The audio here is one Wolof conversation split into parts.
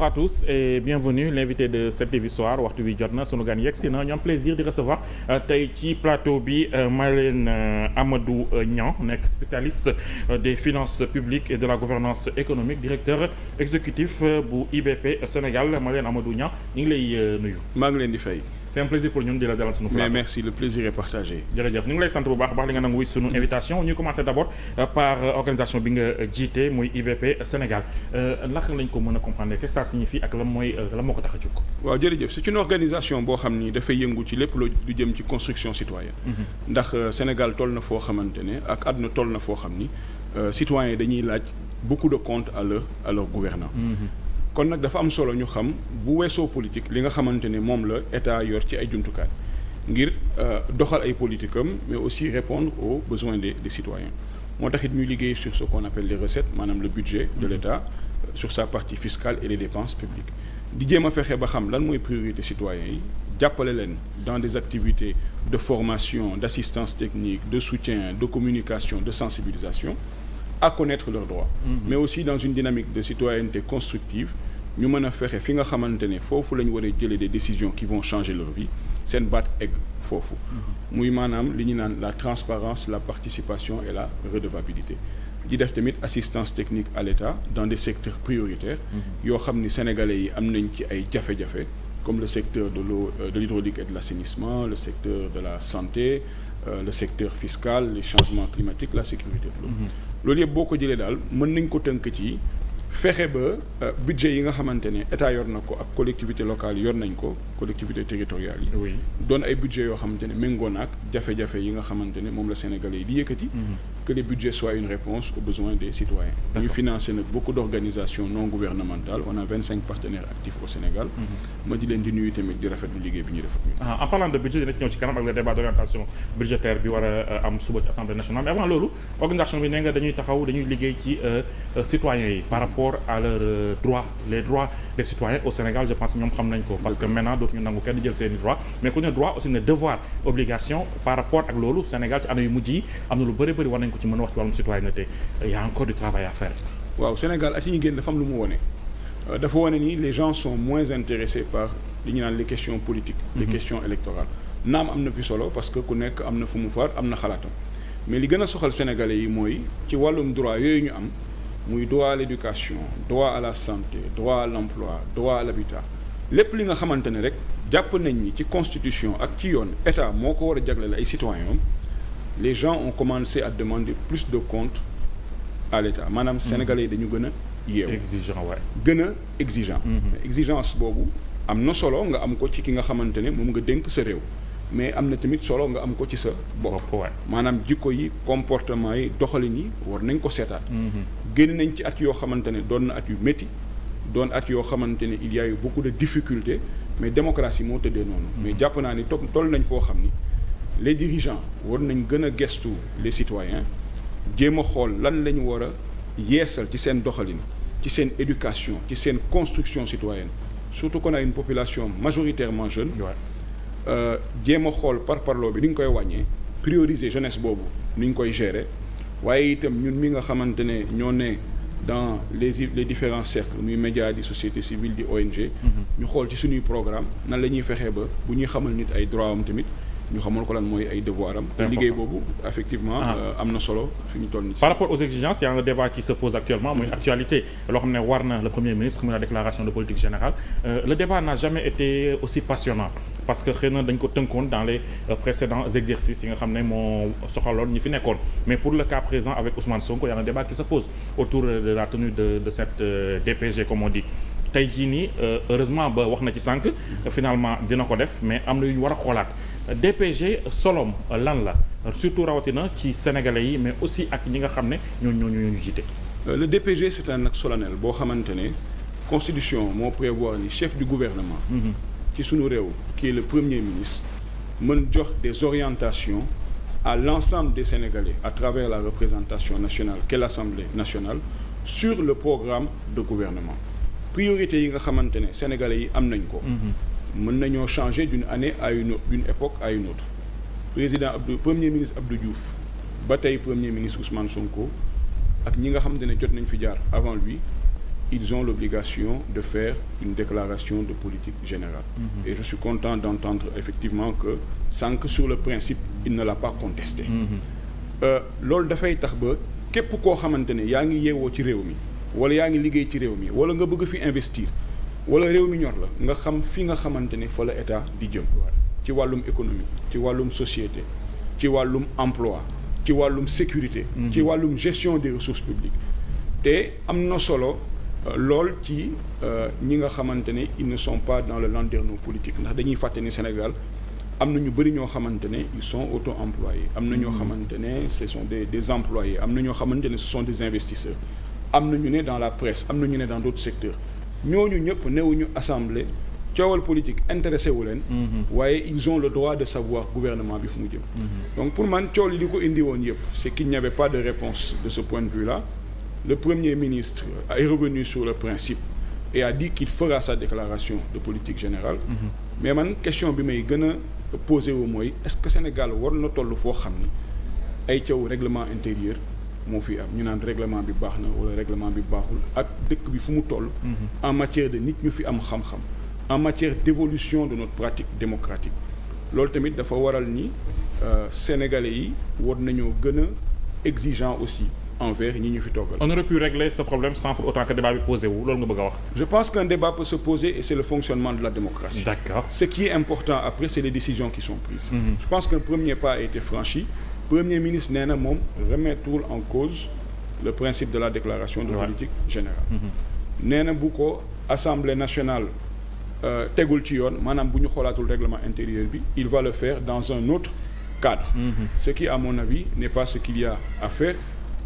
bonsoir à tous et bienvenue de 7TV waxtu bi jot na sunu gan yegg si na ñu am plaisir di recevoir euh, tey ci plateau bi euh, Marlène euh, Amadou Niang nekk spécialiste des finances publiques et de la gouvernance économique directeur exécutif bu IBP Sénégal Marlène Amadou Niang ñu ngi lay nuyu. maa ngi leen di fay. c'est un plaisir pour ñun di la dalal suñu plateau mais merci le plaisir est partagé. jërëjëf ñu ngi lay sant bu baax baax li nga nangu suñu invitation ñuy commencé d'abord euh, par euh, organisation bi nga euh, jiite muy IBP Sénégal naka lañ ko mën a comprendre que ça signifie ak lan mooy lan moo ko tax a jóg. waaw jërëjëf c'est une organisation boo xam ni dafay yëngu ci lépp loo lu jëm ci construction citoyenne. Mm-hmm. ndax Sénégal toll na foo xamante ne ak àdduna toll na foo xam ni yi dañuy laaj beaucoup de comptes à leur à leur gouvernant mm-hmm. kon nag dafa am solo ñu xam bu weesoo politique li nga xamante ne moom la état yor ci ay jumtukaay ngir euh, doxal ay politique am mais aussi répondre au besoins des des citoyens moo tax it ñuy liggéey sur ce qu'on appelle les recettes maanaam le budget de mm-hmm. l'état euh, sur sa partie fiscale et les dépenses publiques di jéem a fexe ba xam lan mooy priorité citoyens yi jàppale leen dans des activités de formation d'assistance technique de soutien de communication de sensibilisation à connaître leurs droits mm-hmm. mais aussi dans une dynamique de citoyenneté constructive ñu mën a fexe fi nga xamante ne foofu la ñu war jëlee des décisions qui vont changer leur vie seen bat egg foofu mm-hmm. muy maanaam li ñu naan la transparence la participation et la redevabilité di def tamit assistance technique à l'État dans des secteurs prioritaires mm-hmm. yoo xam ni sénégalais yi am nañ ci ay jafe-jafe comme le secteur de l'eau euh, de l'hydraulique et de l'assainissement le secteur de la santé euh, le secteur fiscal les la sécurité de loolu yëpp boo ko jëlee daal mën nañ ko tënk ci fexe ba euh, budget yi nga xamante ne état yor na ko ak collectivité locale yor nañ ko collectivité territoriale yi doon ay budget yoo xamante ne méngoo na ak jafe-jafe yi nga xamante ne moom la Sénégalais yi di yëkkati mm-hmm. que les budgets soient une réponse aux besoins citoyens. D'accord. ñu financé nag beaucoup d'organisations non gouvernementales on vingt cinq partenaires actifs au Sénégal. Mhm. ma di leen di nuyu tamit di rafetlu liggéey bi ñu def ak ah, euh, am suba ci assemblée nationale mais avant loolu organisation bi nee nga dañuy taxaw dañuy liggéey ci euh, euh, citoyens yi. par rapport à leurs droits les droits des citoyens au Sénégal je pense ñoom xam nañ ko. parce que maintenant dootuñu nangu kenn nañ ko ci mën a wax ci wàllum citoyenneté y a encore du travail à waaw Sénégal at yi ñu génn dafa mu lu mu wone euh, dafa wone ni les gens sont moins intéressés par li ñu naan les questions politiques. les mhm. questions électorales naam am na fi solo parce que ku nekk am na fu mu far am na xalaatam mais li gën a soxal sénégalais yi mooy ci wàllum droit yooyu ñu am muy droit à l'éducation droit à la santé droit à l'emploi droit à l'habitat lépp li nga xamante ne rek jàpp nañ ni ci constitution ak ci yoon état moo ko war a jagleel ay citoyens les gens ont commencé à demander plus de comptes à l'État maanaam mhm. sénégalais yi dañu gën a yeewu exigeant waay gën a exigeant mhm. exigence boobu am na solo nga am ko ci ki nga xamante ne moom nga dénk sa réew mais am na tamit solo nga am ko ci sa bopp maanaam jikko yi comportement yi doxalin yi war nañ ko seetaat mhm. génn nañ ci at yoo xamante ne doon na at yu métti doon at yoo xamante ne il y a eu beaucoup de difficultés mais démocratie moo tëddee noonu mais jàpp naa ni toog toll nañ foo xam ni les dirigeants war nañ gën a gestu les citoyens jéem a xool lan la ñu war a yeesal ci seen doxalin ci seen éducation ci seen construction citoyenne surtout qu'on a une population majoritairement jeune euh, jéem a xool par parloo bi ni ñu koy wàññee prioriser jeunesse boobu ni ñu koy gérer waaye itam ñun mi nga xamante ne ñoo ne dans les les différents cercles muy médias di société civile di ONG mm-hmm. ñu xool ci suñuy programme nan la ñuy fexee ba bu ñuy xamal nit ay droit am tamit ñu xamoon ko lan mooy ay devoir am liggéey boobu effectivement ah. euh, am na solo fi ñu toll nii par rapport aux exigences il y a un débat qui se pose actuellement mooy actualité loo xam ne war na premier ministre muy la déclaration de politique générale euh, le débat n'a jamais été aussi passionnant parce que xëy na dañ ko tënkoon dans les euh, précédents exercices yi nga xam ne moo soxaloon ñi fi nekkoon mais pour le cas présent avec Ousmane Sonko il un débat qui se pose autour de la jii nii heureusement ba wax na ci sànq mm-hmm. finalement dina ko def mais am na ñu war a xoolaat DPG solom lan la surtout rawatina ci sénégalais yi mais aussi ak ñi nga xam ne ñoo ñoo ñu jiite. Euh, le DPG c'est un acte solennel boo xamante ne constitution moo prévoir ni chef du gouvernement. Mhm. ci sunu réew qui est le premier ministre mën jox des orientations. à l'ensemble des Sénégalais à travers la représentation nationale qu'est l'Assemblée nationale sur le programme de gouvernement priorité yi nga xamante ne Sénégalais yi am nañ ko mhm. mën nañoo changer d'une année à une autre d'une époque à une autre président Abdou premier ministre Abdou Diouf ba tey premier ministre Ousmane Sonko ak ñi nga xamante ne jot nañ fi jaar avant lui ils ont l'obligation de faire une déclaration de politique générale mm -hmm. et je suis content d'entendre effectivement que sans que sur le principe il ne l'a pas contesté mm-hmm. euh, loolu dafay tax ba képp koo xamante ne yaa ngi yeewoo ci réew mi wala yaa ngi liggéey ci réew mi wala nga bëgg fi investir wala réew mi ñor la nga xam fi nga xamante ni fa la état di jëm ci wàllum économie ci wàllum société ci wàllum emploi ci wàllum sécurité mhm. ci wàllum gestion des ressources publiques te am na solo euh, lool ci euh, ñi nga xamante ne ils ne sont pas dans le landerneau politique ndax dañuy fàtte ni Sénégal am na ñu bari ñoo xamante ne ils sont auto employés am na ñoo mhm. xamante ne ce sont des des employés am na ñoo xamante ne ce sont des investisseurs am na ñu ne dans la presse am na ñu dans d'autres secteurs ñooñu ñëpp newuñu assemblée coowal politique intéressé wu leen. Mhm. waaye ils ont le droit de savoir gouvernement bi fu mu jëm. Mhm. donc pour man coow li di ko indi woon yëpp c'est qu'il n'y avait pas de réponse de ce point de vue-là le premier ministre est revenu sur le principe et a dit qu'il fera sa déclaration de politique générale. Mhm. mais man question bi may gën a posé wu mooy est-ce que Sénégal war na toll foo xam ni ay coow règlement intérieur. moo fi am ñu naan règlement bi baax na wala règlement bi baaxul ak dëkk bi fu mu toll. Mhm. en matière de nit ñu fi am xam-xam. en matière d'évolution de notre pratique démocratique loolu tamit dafa waral ni euh, sénégalais yi war nañoo gën a exigeant aussi envers ñi ñu fi toggal. on aurait pu régler ce problème sans pour autant que débat bi posé wu loolu nga bëgg wax. je pense qu'un débat peut se poser et c'est le fonctionnement de la démocratie. ce qui est important premier ministre nee na moom remettul en cause le principe de la déclaration de politique générale mm-hmm. nee na bu ko assemblée nationale euh, tegul ci yoon maanaam bu ñu xoolaatul règlement intérieur il va le faire dans un autre cadre mm-hmm. ce qui à mon avis n'est pas ce qu'il y a à faire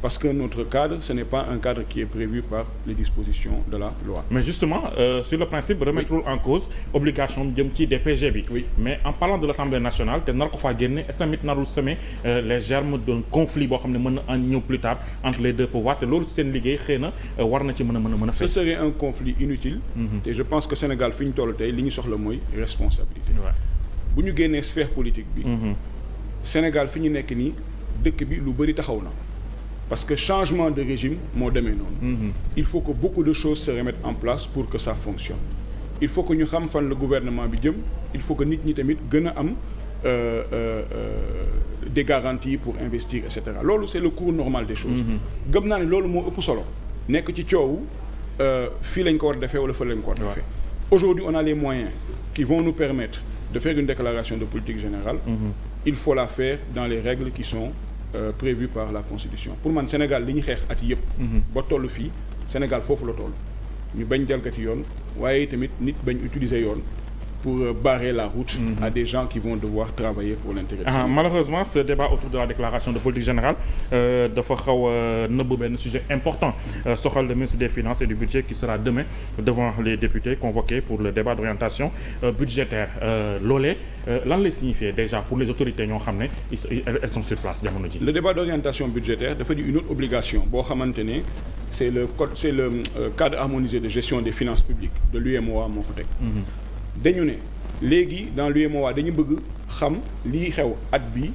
parce que notre cadre ce n'est pas un cadre qui est prévu par les dispositions de la loi. mais justement euh, sur le principe remettre en cause obligation jëm ci DPG bi. oui mais en parlant de l'Assemblée nationale te nar ko faa génne est-ce que tamit narul semer euh, les germes d'un conflit boo xam ne mën na ñëw plus tard entre les deux pouvoirs te loolu seen liggéey xëy na euh, war na ci mën a mën a mën a. ce serait un conflit inutile. Mhm. te je pense que Sénégal fi ñu toll tey li ñu soxla mooy responsabilité. bu ñu génnee sphère politique bi. Mhm. Sénégal fi ñu nekk nii dëkk bi lu bëri taxaw na. parce que changement de régime moo demee noonu. Mhm. il faut que beaucoup de choses se remettent en place pour que ça fonctionne. il faut que ñu xam fan la gouvernement bi jëm il faut que nit ñi tamit gën a am euh, euh, euh, des garanties pour investir et cetera loolu c'est le cours normal des choses. Mhm. gëm naa ne loolu moo ëpp solo. nekk ci coow fii lañ ko war a defee wala fële lañ ko war a defee. aujourd'hui on a les moyens qui vont nous permettre de faire une déclaration politique générale. Mhm. il faut la faire dans les règles Euh, prévu par la constitution pour man Sénégal li ñu xeex at yëpp. Mhm. ba tollu fii Sénégal foofu la toll. ñu bañ jalgati yoon waaye tamit nit bañ utiliser yoon. pour euh, barrer la route mm -hmm. à des gens qui vont devoir travailler pour l'intérêt ah, malheureusement ce débat autour de la déclaration de politique générale euh, dafa xaw a nëbb benn sujet important euh, soxal le ministre des finances et du budget qui sera demain devant les députés convoqués pour le débat d'orientation budgétaire loolee lan signifier déjà pour les autorités ñoo xam ne elles sont sur place jamono ji le débat d'orientation budgétaire de gestion des finances publiques de l'UMOA dañu ne léegi dans l'UEMOA dañu bëgg xam lii xew at bi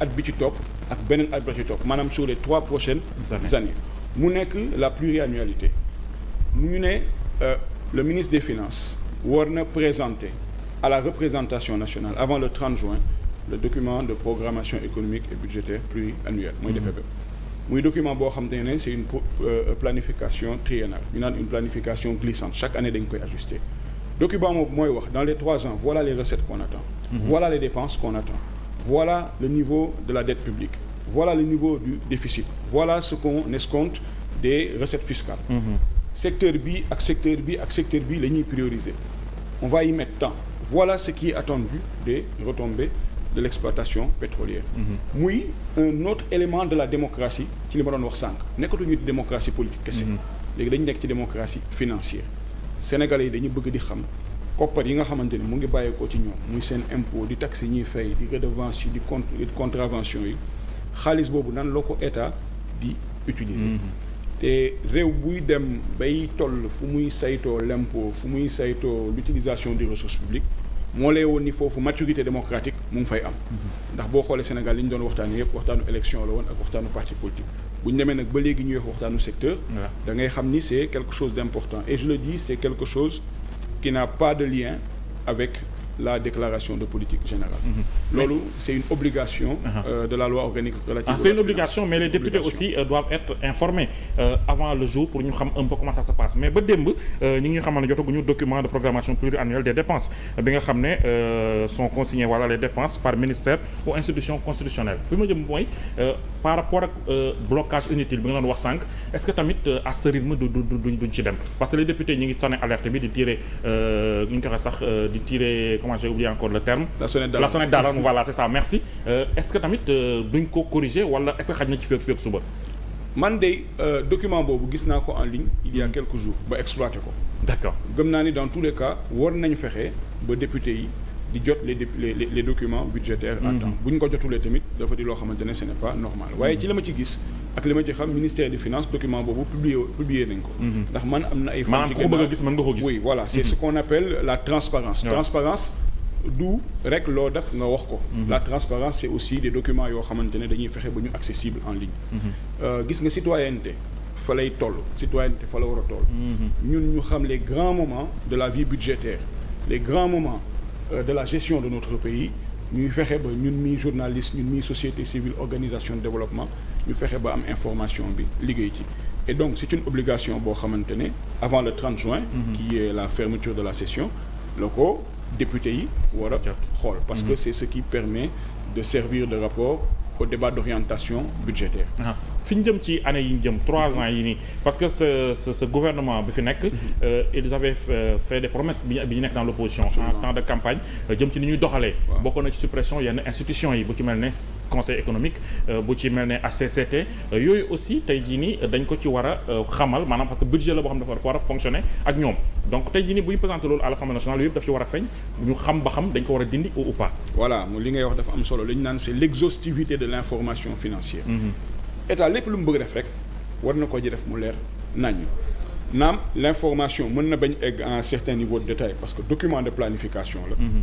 at bi ci topp ak beneen at bi ci topp maanaam sur les trois prochaines années mu nekk la pluriannualité mu ñu ne euh, le ministre des finances war na présenter à la représentation nationale avant le 30 juin le document de programmation économique et budgétaire pluriannuel mooy mhm. DPB e. muy document boo xam te ne c'est une euh, planification triennale ñu naan une planification glissante chaque année dañ koy ajuster document boobu mooy wax dans les trois ans voilà les recettes qu'on attend mhm. voilà les dépenses qu'on attend voilà le niveau de la dette publique voilà le niveau du déficit voilà ce qu'on escompte des recettes fiscales mhm. secteur bi ak secteur bi ak secteur bi la ñuy prioriser on va y mettre tant voilà ce qui est attendu des retombées de l'exploitation pétrolière mhm. muy un autre élément de la démocratie ci li ma doon wax sànq nekkatuñu démocratie politique kese léegi dañu nekk ci démocratie financière sénégal yi dañu bëgg di xam koppar yi nga xamante ni mu ngi bàyyeekoo ci ñoom muy seen impôt di taxe yi ñuy fay di redevance yi di con contravention yi xaalis boobu nan la ko état di utiliser. Mm-hmm. te réew buy dem bay toll fu muy saytoo l'impôt fu muy saytoo l'utilisation des ressources publiques moo lay woon ni foofu maturité démocratique mu ngi fay am ndax boo xoolee Sénégal li ñu doon waxtaane yëpp waxtaanu élection la woon ak waxtaanu parti politique bu ñu nag ba léegi ñuy wax waxtaanu secteur da ngay xam ni c'est quelque chose d'important et je le dis c'est quelque chose qui n'a pas de lien avec la déclaration de politique générale. Mm -hmm. loolu c'est une obligation. Uh -huh. euh, de la loi organique relative. Ah, c'est une obligation mais les députés aussi euh, doivent être informés euh, avant le jour pour ñu xam un peu comment ça se passe mais ba démb euh, ñi ngi xamal ne jotaguñu document de programmation pluriannuelle des dépenses bi nga xam ne euh, sont consignées voilà les dépenses par ministère ou institution constitutionnelle fi ma jëm mooy euh, par rapport ak blocage inutile bi nga doon wax sànq est-ce que tamit à ce rythme du duñ ci dem parce que les députés ngi sonné alerte bi di tirer ñu ngi sax di tirer. comment j'ai oublié encore le terme. la sonnette d'alarme la sonnette d'alarme c'est ça merci. Euh, est-ce que tamit euh, duñ ko corriger wala est-ce que xaj na ci fépp fépp suba. man euh, document boobu gis naa ko en ligne il y a hmm. quelques jours ba exploité ko. d'accord gëm naa ni dans tous les cas war nañu fexe ba député yi. di jot le les les documents budgétaires mhm. bu ñu ko jotulee tamit dafa di loo xamante ne ce n'est pas normal waaye ci la ma ci gis ak li ma ci xam ministère des finances document boobu publié publié nañ ko mhm. ndax man am na ay fan ci bëgg a gis mën nga ko gis oui c'est mhm. ce qu'on appelle la transparence transparence du rek loo def nga wax ko la transparence c'est aussi des documents yoo xamante ne dañuy fexe ba ñu accessible en ligne euh, gis nga citoyenneté fa lay toll citoyenneté fa la war a toll ñun ñu xam les grands moments de la vie budgétaire les grands moments Euh, de la gestion de notre pays ñuy fexe ba ñun mi journaliste ñun mi société civile organisation de développement ñu fexe ba am information bi liggéey ci et donc c'est une obligation boo xamante ne avant le 30 juin mhm. qui est la fermeture de la session la ko député yi war a xool parce mhm. que c'est ce qui permet de servir de rapport au débat d'orientation budgétaire ah. fi ñu jëm ci anne yi ñu jëm trois ans yi nii parce que ce ce, ce gouvernement bi fi nekk mhm. euh, ils avaient euh, fait des promesses bi bi ñu nekk dans l'opposition en temps de campagne euh, jëm ci ni ñuy doxalee bokk na ci suppression yenn institution yi bu ci mel ne conseil économique bu ci mel ne HCCT yooyu aussi tey jii nii dañ ko ci war a xamal maanaam parce que budget la boo xam dafa war a fonctionner ak ñoom donc tey jii nii bu ñu présenté loolu à l'Assemblée nationale yëpp daf a feeñ ñu a wax dafa am solo li ñu naan c'est l'exhaustivité de l'information état lépp lu mu bëgg def rek war na ko ji def mu leer nañu naam l' information mën na bañ egg en un certain niveau de détail parce que document de planification la. Mhm.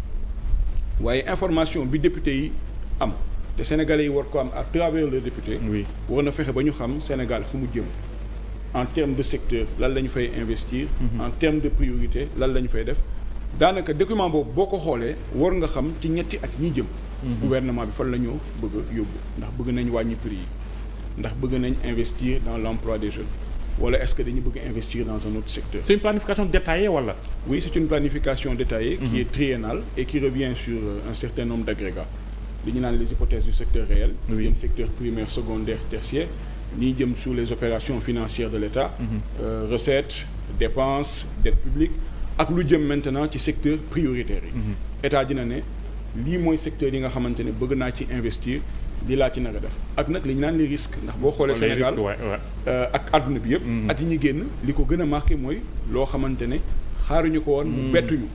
waaye information bi député yi am te sénégalais yi war ko am à travers les députés. oui war na fexe ba ñu xam Sénégal fu mu jëm. en termes de secteur lan la ñu fay investir. Mhm. en termes de priorité lan la ñu fay def. daanaka document boobu boo ko xoolee war nga xam ci ñetti at ñi jëm. Mhm. gouvernement bi fan la ñoo bëgg a ndax bëgg nañ wàññi prix yi. ndax bëgg nañ investir dans l'emploi des jeunes wala est-ce que dañu bëgg investir dans un autre secteur. c'est une planification détaillée wala. oui c'est une planification détaillée. qui mhm. est triennale et qui revient sur euh, un certain nombre d'agrégats. li ñu les hypothèses du secteur réel. oui jëm secteur primaire secondaire tertiaire. ñi jëm sur les opérations financières de l'État. Mhm. Euh, recettes dépenses dette publique ak lu jëm maintenant ci secteur prioritaire yi. Mhm. État dina ne lii mooy secteur yi nga xamante ne bëgg naa ci investir. di laa ci naka def ak nag li ñu naan les risques ndax boo xoolee Sénégal euh, ak àdduna bi yëpp mhm. at yi ñu génn li ko gën a marqué mooy loo xamante ne xaaruñu ko woon. mu hmm. bettuñu.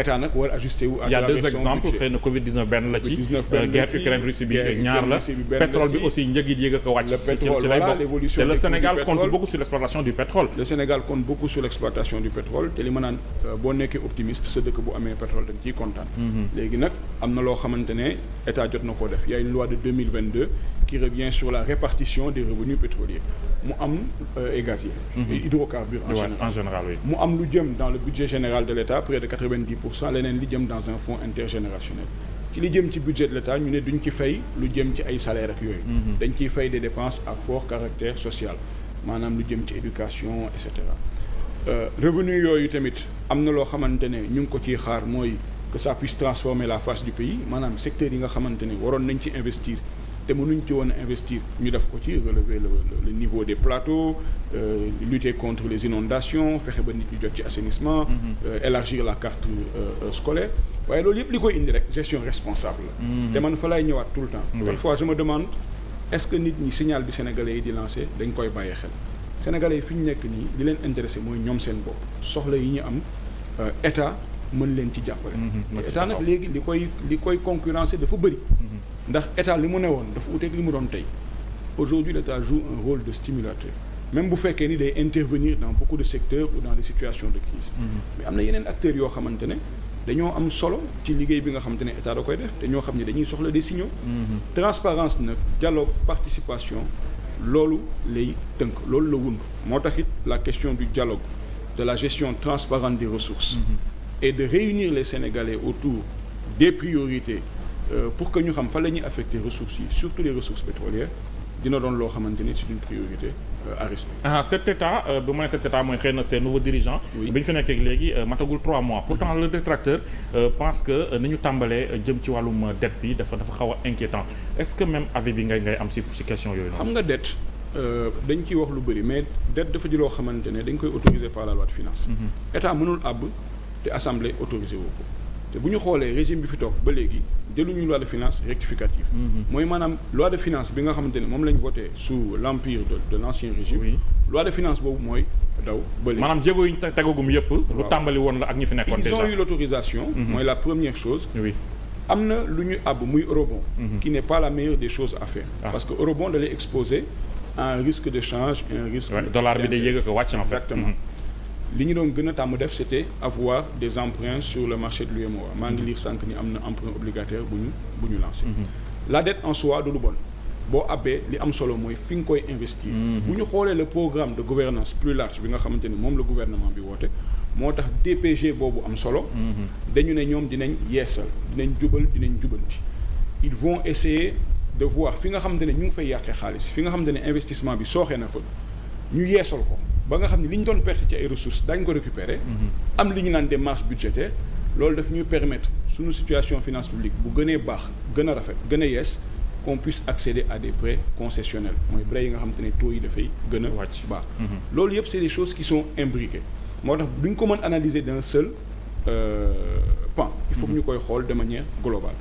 état nag war ajusté wu. à a Covid benn la ci. Covid 19 euh, benn la ci guerre Ukraine Russie bi ñaar la. pétrole bi aussi njëg yi yéeg a ko wàcc. ci ci lay bokk te le Sénégal compte beaucoup sur l' exploitation du pétrole. le Sénégal compte beaucoup sur l' exploitation du pétrole te li ma naan euh, boo nekkee optimiste sa dëkk bu amee pétrole dañ ciy kontaan. Mhm. léegi nag am na loo xamante ne état jot na koo def y' a une loi qui revient sur la répartition des revenus pétroliers mu am euh, et gazier mhm. en général mu am lu jëm dans le budget général de l'État près de 90 pour cent leneen li jëm dans un fonds intergénérationnel ci li jëm ci budget de l'État ñu ne duñ ci fay lu jëm ci ay salaires ak yooyu mhm. dañ ciy fay des dépenses à fort caractère social maanaam lu jëm ci éducation et cetera euh, revenu yooyu tamit am na loo xamante ne ñu ngi ko ciy xaar mooy que ça puisse transformer la face du pays maanaam secteur yi nga xamante ne waroon nañ ci investir te mënuñ ci woon investir ñu def ko ci relever le niveau des plateaux euh, lutter contre les inondations fexe ba nit ñu jot ci assainissement mhm. euh, élargir la carte euh, euh, scolaire waaye loolu yëpp li koy indi rek gestion responsable la mhm. te man fa laay ñëwaat tout le temps parfois je me demande est-ce que nit ñi signal bi sénégalais yi di lancé dañ koy bàyyi xel sénégalais yi fi ñu nekk nii li leen intéressé mooy ñoom seen bopp soxla yi ñu am état mën leen ci jàppale mhm. état nag léegi li koy li koy concurrencé dafa bëri ndax état li mu ne woon dafa uteeg li mu doon tey aujourd'hui l'état joue un rôle de stimulateur même bu fekkee ni day intervenir dans beaucoup de secteurs ou dans des situations de crise mm-hmm. mais am na yeneen acteurs yoo xamante ne dañoo am solo ci liggéey bi nga xamante ne état da koy def dañoo xam ne dañuy soxla des signaux mm-hmm. transparence na dialogue participation loolu lay tënk loolu la wund moo tax it la question du dialogue de la gestion transparente des ressources mm -hmm. et de réunir les Sénégalais autour des priorités Euh, pour que ñu xam fan la ñuy affecté ressources yi surtout les ressources pétrolières dina doon loo xamante ni c'est une priorité euh, à respecter. Ah, cet état bu ma nee cet état mooy xëy na ces nouveaux dirigeants. bi ñu fi nekkee léegi euh, matagul trois mois. pourtant le détracteur pense que ni ñu tàmbalee jëm ci wàllum dette bi dafa dafa xaw a inquiétant est-ce que même avis bi ngay ngay am si si question yooyu. xam nga dette dañ ciy wax lu bëri mais dette dafa ji loo xamante ne dañ koy autorisé par la loi de finance. Mm-hmm. état mënul autorisé woo te bu ñu xoolee régime bi fi toog ba léegi jëluñu loi de finance rectificative mhm. mooy maanaam loi de finance bi nga xamante ne moom lañu ñu voté sous l' empire de de régime loi de finance boobu mooy daw ba léegi maanaam jéego yi ñu tegagum yëpp lu tàmbali woon la ak ñi fi nekkoon déjà ils ont eu l' mhm. mooy la première chose am na lu ñu àbb muy eurobond mhm. qui n' est pas la meilleure des choses à faire ah. parce que eurobond dalay exposé à un risque de change et un risque dollar wàcc en fait exactement li ñu doon gën a tàmm def c'était avoir des emprunts sur le marché de l'UMOA maa ngi liir sànq ni am na emprunt obligataire bu ñu bu ñu lancé mm-hmm. la dette en soi du lu bon boo abbee li am solo mooy fi nga koy investir mm-hmm. bu ñu xoolee le programme de gouvernance plus large bi nga xamante ni moom le gouvernement bi woote moo tax DPG boobu am solo mm-hmm. dañu ne ñoom dinañ yeesal dinañ jubal dinañ jubanti ils vont essayer de voir fi nga xamante ne ñu ngi fay yàqee xaalis fi nga xamante ne investissement bi sooxee na fa ñu yeesal ko ba nga xam ne li ñu doon perte ci ay ressources daañu ko récupérer mhm. am li ñu naan des marges budgétaires loolu daf ñuy permettre suñu situation finance publique bu gënee baax gën a rafet gën a yees qu'on puisse accéder à des prêts concessionnels mooy prêts yi nga xam te ne yi dafay gën a wàcc baax mhm. loolu yëpp c'est des choses qui sont imbriquées moo tax duñ ko mën analyser d'un seul euh, pan il faut que ñu mhm. koy xool de manière globale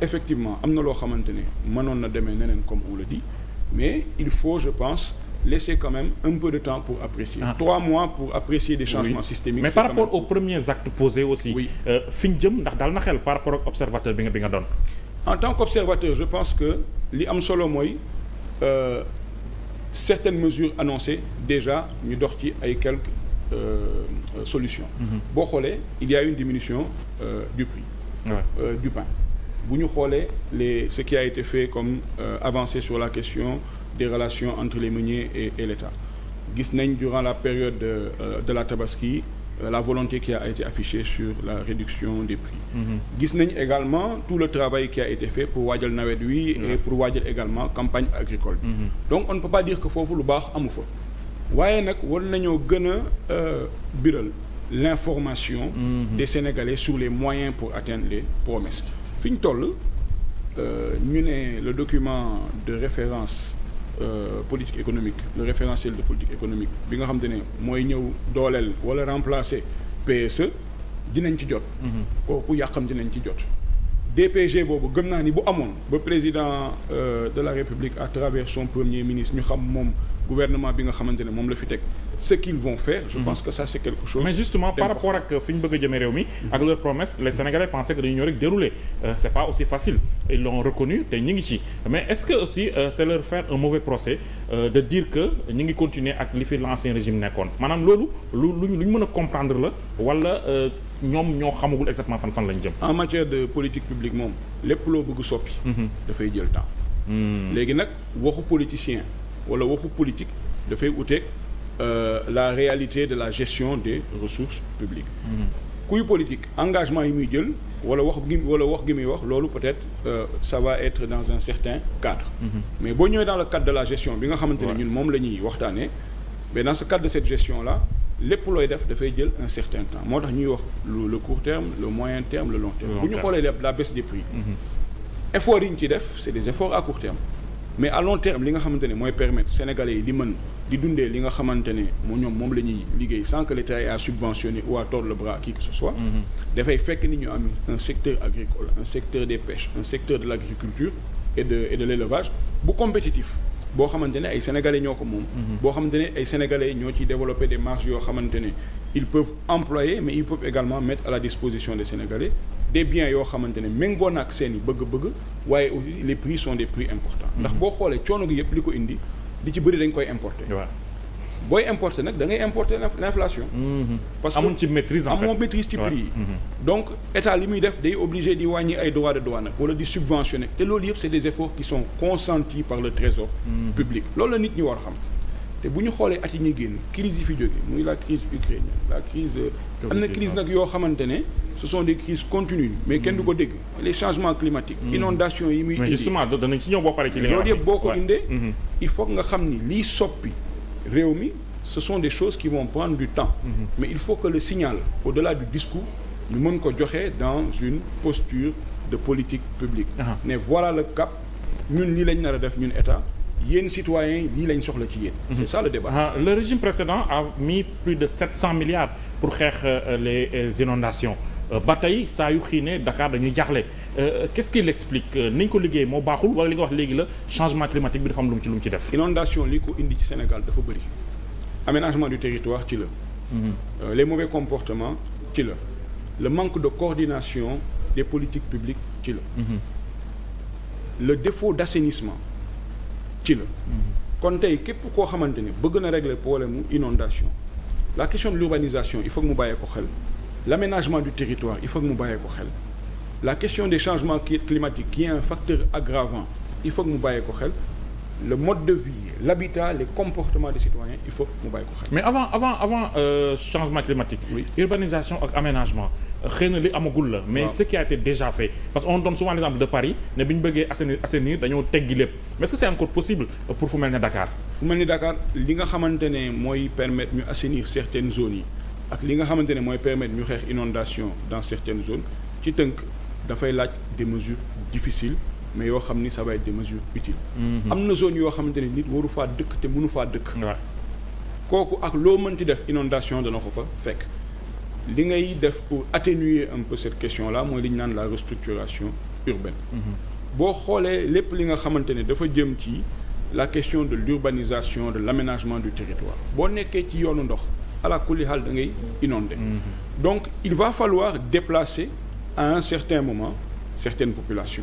effectivement am na loo xamante ne mënoon na demee neneen comme on le dit il faut je pense laissez quand même un peu de temps pour apprécier. Ah. trois mois pour apprécier des changements oui. systémiques. mais par rapport même... aux premiers actes posés aussi. oui euh, ñu jëm ndax dal na xel par rapport ak observateur bi nga bi en tant qu'observateur je pense que li am solo mooy euh, certaines mesures annoncées déjà ñu dox ci ay quelques euh, euh solutions. Mhm. boo xoolee il y a une diminution euh, du prix. du pain bu ñu xoolee les ce qui a été fait comme avancé sur la question. des relations entre les meuniers et, l'État gis nañ durant la période de, euh, de la Tabaski euh, la volonté qui a été affichée sur la réduction des prix mhm. gis mm nañ également tout le travail qui a été fait pour waajal nawet wi et pour waajal également campagne agricole bi mm -hmm. donc on ne peut pas dire que foofu lu baax amu fa waaye nag war nañoo gën a euh, biral l'information mm des Sénégalais sur les moyens pour atteindre les promesses fi ñu toll ñu ne le document de référence Euh, politique économique le référentiel de politique économique bi nga xam te ne mooy ñëw dooleel wala remplacer PSE dinañ ci jot mhm. kooku yàqam dinañ ci jot DPG boobu gëm naa ni bu amoon ba président euh, de la République à travers son premier ministre ñu xam moom gouvernement bi nga xamante ne moom la fi teg ce qu'ils vont faire je mhm. pense que ça c'est quelque chose mais justement par rapport ak fi ñu bëgg a jëmee réew mi ak leur promesse les sénégalais pensaient que dañu ñëw rek dérouler euh, c'est pas aussi facile ils l'ont reconnu te ñu ngi ci mais est-ce que aussi euh, c'est leur faire un mauvais procès euh, de dire que ñu ngi continuer ak li fi l'ancien régime nekkoon maanaam loolu lu luñ lu ñu mën a comprendre la wala ñoom ñoo xamagul exactement fan fan lañ jëm en matière de politique publique moom lépp loo bëgg soppi mhm. dafay jël temps hmm. léegi nag waxu politicien wala waxu politique dafay uteeg euh, la réalité de la gestion des ressources publiques. kuy politique engagement yi muy jël wala wax gi wala wax gi muy wax loolu peut-être euh, ça va être dans un certain cadre. mais boo ñëwee dans le cadre de la gestion bi nga xamante ne ñun moom la ñuy waxtaanee. mais dans ce cadre de cette gestion là lépp looy def dafay jël un certain temps moo tax ñuy wax le court terme le moyen terme le long terme. bu ñu xoolee la baisse des prix. Mhm. effort yi ñu ci def c'est des efforts à mais à li nga xamante ne mooy permettre sénégalais yi di di dundee li nga xamante ne moo ñoom moom la ñuy liggéey sans que l'État ait à subventionner ou à tordre le bras qui que ce soit mm-hmm. dafay fekk ni ñu am un secteur agricole un secteur des pêches un secteur de l'agriculture et de et l'élevage bu compétitif boo xamante ne ay sénégalais ñoo ko moom mm-hmm. boo xamante ne ay sénégalais ñoo ci développer des marges yoo xamante ne ils peuvent employer mais ils peuvent également mettre à la disposition des sénégalais des biens yoo xamante ne méngoo na seen i bëgg-bëgg waaye aussi les prix sont des prix importants mm-hmm. ndax boo xoolee coono yëpp li ko indi di ci bëri dañ koy importer. booy importer nag da ngay importer l'inflation mm-hmm. parce que amuñ ci maîtrise en fait amoo maîtrise ci prix yi mm-hmm. donc état li muy def day obligé di wàññi ay droits de douane wala di subventionner te loolu yëpp c'est des efforts qui sont consentis par le trésor mm-hmm. public loolu nit ñi war xam te bu ñu xoolee at yi ñuy génn crise yi fi jóge muy la crise ukrainienne la crise euh, am na crise nag yoo xamante ne ce sont des crises continues mais kenn du ko dégg les changements climatiques mm. inondation yi muy indi boo paree ko indee mm-hmm. il faut nga xam ni liy soppi réew mi ce sont des choses qui vont prendre du temps mm-hmm. mais il faut que le signal au-delà du discours ñu mën ko joxe dans une posture de politique publique ah. mais voilà le cap ñun lii lañ nar a def ñun état yéen citoyens lii lañ soxla ci yéen. c'est mm-hmm. ça le débat. Ah, le régime précédent a mis plus de milliards pour xeex euh, les euh, inondations. Euh, ba tey saa yu xiinee Dakar dañuy jaaxle euh, qu'est-ce qui l'explique euh, nañ ko liggéey moo baaxul wala li nga wax léegi la changement climatique bi dafa am lu mu ci lu mu ci def. inondation li ko indi ci Sénégal dafa bëri aménagement du territoire ci la. Mhm. les mauvais comportements ci la le manque de coordination des politiques publiques ci la. Mhm. le défaut d'assainissement ci la. Mhm. kon tey képp koo xamante ne bëgg na régler problème mu inondation la question de l'urbanisation il faut mu bàyyee ko xel. l'aménagement du territoire il faut que mu bàyyee ko xel la question des changements climatiques qui est un facteur aggravant il faut que mu ko xel le mode de vie l'habitat les comportements des citoyens il faut mu bàyyi ko xel. mais avant avant avant euh, changement climatique. Oui. urbanisation ak aménagement xëy na li amagul la. mais ce qui a été déjà fait parce que on donne souvent l'exemple de Paris ne bi ñu bëggee assainir assainir dañoo teggi lépp mais est-ce pour fu mel ne Dakar. fu mel ni Dakar li nga xamante ne mooy permettre ñu assainir certaines zones yi. ak li nga xamante ne mooy permettre ñu xeex inondation dans certaines zones ci tënk dafay laaj des mesures difficiles mais yoo xam ni ça va être des mesures utiles mhm. am na zone yoo xamante ne nit waru fa dëkk te mënu faa dëkk kooku ak loo mënti def inondation dana ko fa fekk li ngay def pour atténuer un peu cette question là mooy li ñu naan la restructuration urbaine mhm. boo xoolee lépp li nga xamante ne dafa jëm ci la question de l'urbanisation de l'aménagement du territoire boo nekkee ci yoonu ndox à la kulli haal mhm. donc il va falloir déplacer à un certain moment certaines populations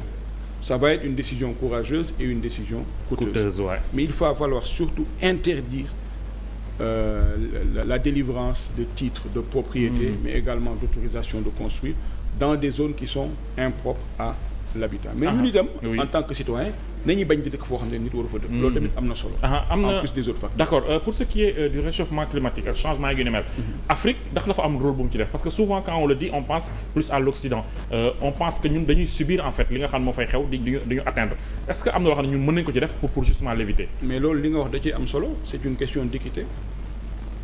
ça va être une décision courageuse et une décision coûteuse, coûteuse ouais. mais il va falloir surtout interdire euh, la, délivrance de titres de propriété mmh. mais également d'autorisation de construire dans des zones qui sont impropres à l'habitat mais ñun ah ah. itam en tant que citoyen nañuy bañ di dëkk foo xam ne nit waru fa loolu tamit am na solo. am na plus des autres facteurs. d' euh, pour ce qui est euh, du réchauffement climatique ak changement yu mhm. Afrique ndax dafa am rôle bu mu ci def parce que souvent quand on le dit on pense plus à l' euh, on pense que ñun dañuy subir en fait li nga xam moo fay xew di ñu atteindre est ce que am na loo xam ne ñun mën nañu ko ci def pour pour justement l' éviter. mais loolu li nga wax da am solo c'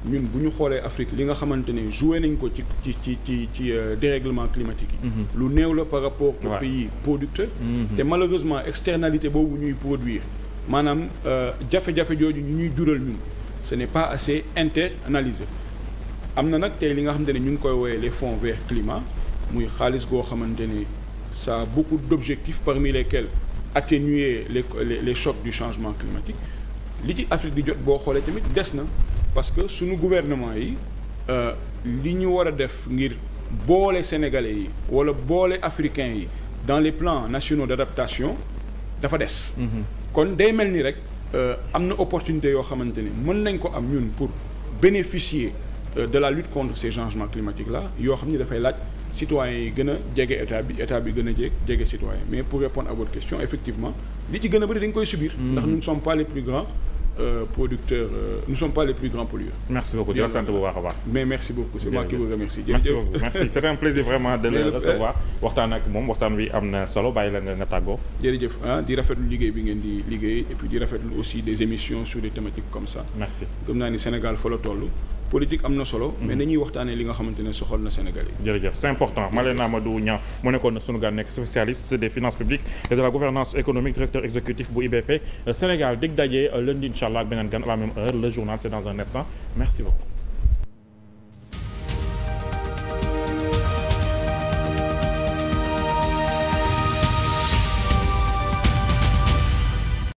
ñun bu ñu xoolee Afrique li nga xamante ne joué nañ ko ci ci ci ci ci euh, dérèglement climatique yi mhm. lu néew la par rapport aux pays producteurs mhm. te malheureusement externalité boobu ñuy produire maanaam euh, jafe-jafe jooju ñu ñuy jural ñun ce n'est pas assez internalisé am na nag tey li nga xamante ne ñu ngi koy woowee les fonds verts climat muy xaalis goo xamante ne ça a beaucoup d'objectifs parmi lesquels atténuer les les chocs du changement climatique li ci Afrique di jot boo xoolee tamit des na parce que suñu gouvernement yi euh, li ñu war a def ngir boole sénégalais yi wala boole africains yi dans les plans nationaux d'adaptation dafa des mhm. kon day mel nii rek euh, am na opportunité yoo xamante ni mën nañ ko am ñun pour bénéficier euh, de la lutte contre ces changements climatiques là yoo xam ni dafay laaj citoyens yi gën a jege état bi état bi gën a jege jege citoyen mais pour répondre à votre question effectivement li ci gën a bëri dañ koy subir mhm. ndax nous s sommes pas Euh, producteurs euh, nous ne sommes pas les plus grands pollueurs. merci beaucoup di la sant bu baax a baax. mais merci beaucoup c'est moi qui vous remercie. merci beaucoup merci c'est un plaisir vraiment de le recevoir waxtaan ak moom waxtaan wi am na solo bàyyi la nga nga tàggoo. jërëjëf ah di rafetlu liggéey bi ngeen di liggéey et puis di rafetlu aussi des émissions sur des thématiques comme ça. merci gëm naa ni Sénégal fa la toll. politique am na solo. mais mhm. nañuy waxtaanee li nga xamante ne na Sénégal yi. jërëjëf c'est important Malène Amadou Niang mu nekkoon sunu gan nekk spécialiste des finances publiques et de la gouvernance économique directeur exécutif bu IBP euh, Sénégal dig daje euh, lundi incha allah ak beneen gan à la même heure le journal c'est dans un instant merci beaucoup.